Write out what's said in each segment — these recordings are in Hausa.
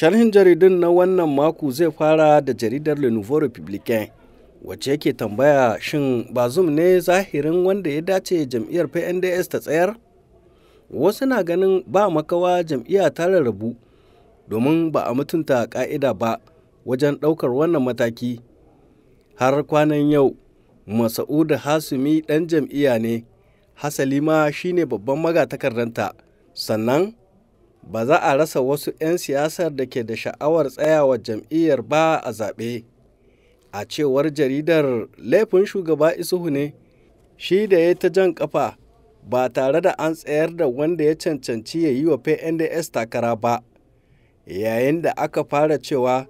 Sharhin jaridun na wannan maku zai fara da jaridar Le Nouveau Republicain, wacce yake tambaya shin bazum ne zahirin wanda ya dace jam'iyyar PNDS ta tsayar? Wasu na ganin ba makawa jam'iyya ta rarrabu domin ba a mutunta ƙa'ida ba wajen ɗaukar wannan mataki. Har kwanan yau, Masa'udu Hasumi ɗan jam'iyya ne, hasali ma shine babban magatakardanta, sannan ba za a rasa wasu 'yan siyasar da ke da sha'awar tsayawa jam'iyyar ba a zaɓe a cewar jaridar laifin shugaba isuhu ne shi da ya ta jan ƙafa, ba tare da an tsayar da wanda ya cancanci ya yi wa pnds takara ba yayin da aka fara cewa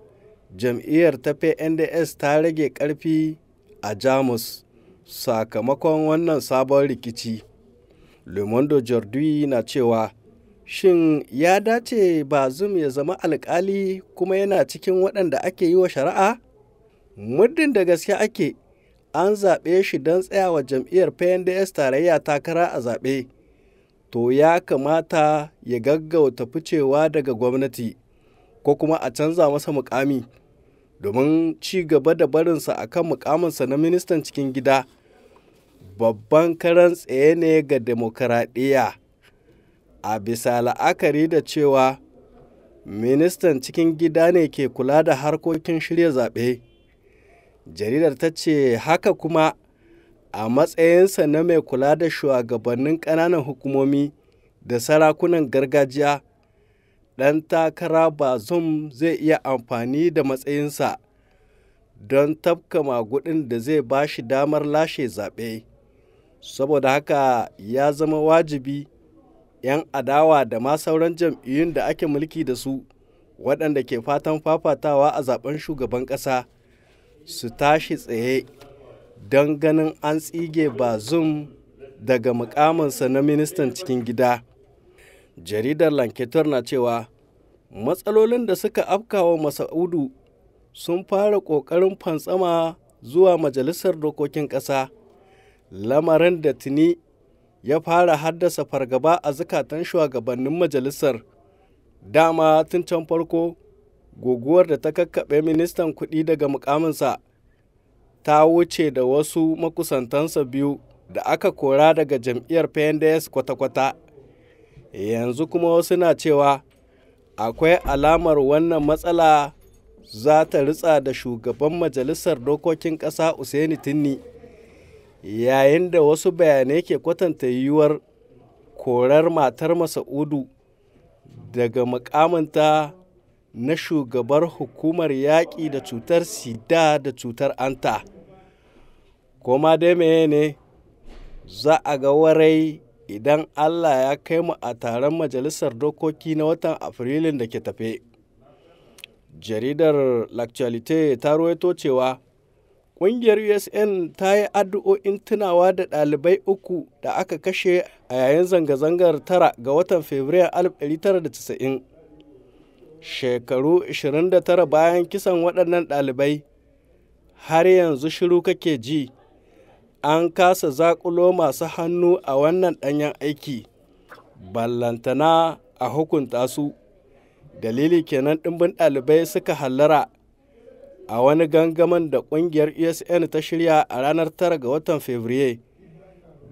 jam'iyyar ta pnds ta rage ƙarfi a jamus sakamakon wannan sabon rikici le jordi na cewa Shin ya dace ba Bazum ya zama alkali kuma yana cikin waɗanda ake yi wa shari'a? Muddin da gaske ake, an zaɓe shi don tsayawa jam'iyyar PNDS tarayya takara a zaɓe. To ya kamata ya gaggauta ficewa daga gwamnati, ko kuma a canza masa mukami. domin ci gaba da barinsa a kan mukaminsa na ministan cikin gida babban karan tsaye ne ga demokaradiyya a bisa la'akari da cewa ministan cikin gida ne ke kula da harkokin shirya zaɓe jaridar ta ce haka kuma a matsayinsa na mai kula da shugabannin ƙananan hukumomi da sarakunan gargajiya ɗan takara bazum zai iya amfani da matsayinsa don tafka magudin da zai ba shi damar lashe zaɓe saboda haka ya zama wajibi 'yan adawa da ma sauran jam'iyyun da ake mulki da su waɗanda ke fatan fafatawa a zaben shugaban ƙasa su tashi tsaye don ganin an tsige bazum daga mukamansa na ministan cikin gida jaridar lanketor na cewa matsalolin da suka afkawa masaudu sun fara ƙoƙarin fantsama zuwa majalisar dokokin ƙasa lamarin da tuni ya fara haddasa fargaba a zukatan shugabannin majalisar dama tun can farko guguwar da ta kakkaɓe ministan kuɗi daga mukaminsa ta wuce da wasu makusantansa biyu da aka kora daga jam'iyyar pnds kwata-kwata yanzu kuma wasu na cewa akwai alamar wannan matsala za ta ritsa da shugaban majalisar dokokin ƙasa usaini tinni yayin da wasu bayanai ke kwatanta yiwuwar korar matar masa'udu daga mukamanta na shugabar hukumar yaƙi da cutar sida da cutar anta koma dai ne za a ga warai idan allah ya kai mu a taron majalisar dokoki na watan afrilun da ke tafe jaridar l'actualité ta ruwaito cewa Ƙungiyar USN ta yi addu'o'in tunawa da ɗalibai uku da aka kashe a yayin zanga-zangar tara ga watan Fabrairu 1990. Shekaru 29 bayan kisan waɗannan ɗalibai, har yanzu shiru kake ji, an kasa zaƙulo masu hannu a wannan ɗanyen aiki, ballantana a hukunta su. Dalili kenan ɗimbin ɗalibai suka hallara a wani gangaman da kungiyar esn ta shirya a ranar 9 ga watan fevrier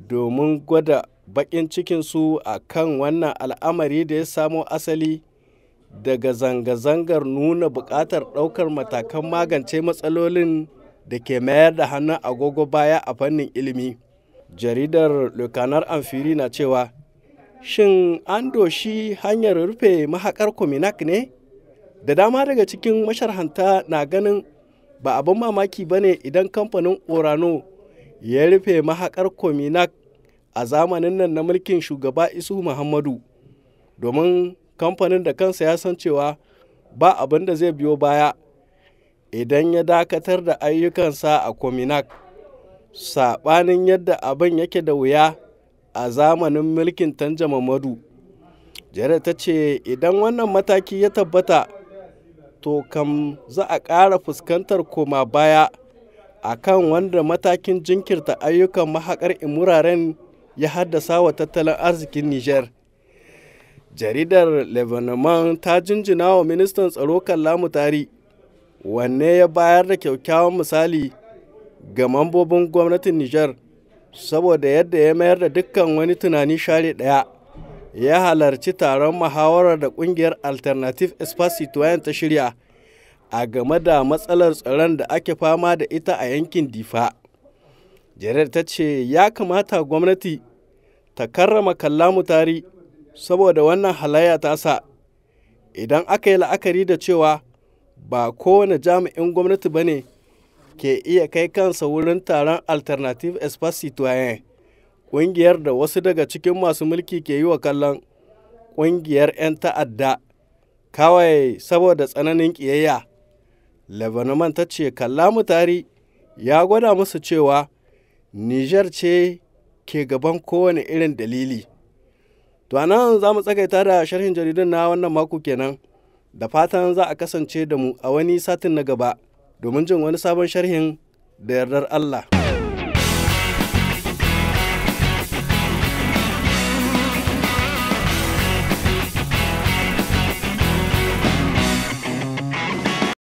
domin gwada bakin cikinsu a kan wannan al'amari da ya samo asali daga zanga-zangar nuna buƙatar ɗaukar matakan magance matsalolin da ke mayar da hannun agogo baya a fannin ilimi jaridar lokanar amfiri na cewa shin an doshi hanyar rufe mahakar kominak ne da dama daga cikin masharhanta na ganin ba abin mamaki ba ne idan kamfanin orano ya rufe mahakar kominak a zamanin nan na mulkin shugaba isu muhammadu domin kamfanin da kansa ya san cewa ba abin da zai biyo baya idan ya dakatar da ayyukansa a kominak saɓanin yadda abin yake da wuya a zamanin mulkin tanja mamadu jere ta ce idan wannan mataki ya tabbata to kam za a ƙara fuskantar koma baya a kan wanda matakin jinkirta ayyukan mahaƙar imuraren ya haddasa wa tattalin arzikin Nijar. Jaridar Lebanon ta jinjina wa ministan tsaro kan Tari, wanne ya bayar da kyakkyawan misali ga mambobin gwamnatin Nijar saboda yadda ya mayar da dukkan wani tunani share ɗaya. ya halarci taron muhawarar da kungiyar alternative espace citoyen ta shirya a game da matsalar tsaron da ake fama da ita a yankin difa jaridar ta ce ya kamata gwamnati ta karrama kallamu tari saboda wannan halayya sa idan aka yi la'akari da cewa ba kowane jami'in gwamnati ba ne ke iya kai kansa wurin taron alternative espace citoyen ƙungiyar da wasu daga cikin masu mulki ke yi wa kallon ƙungiyar 'yan ta'adda kawai saboda tsananin ƙiyayya lebanon ta ce kalla mutari ya gwada musu cewa niger ce ke gaban kowane irin dalili to nan za mu tsakaita da sharhin jaridun na wannan mako kenan da fatan za a kasance da mu a wani satin na gaba domin jin wani sabon sharhin da yardar allah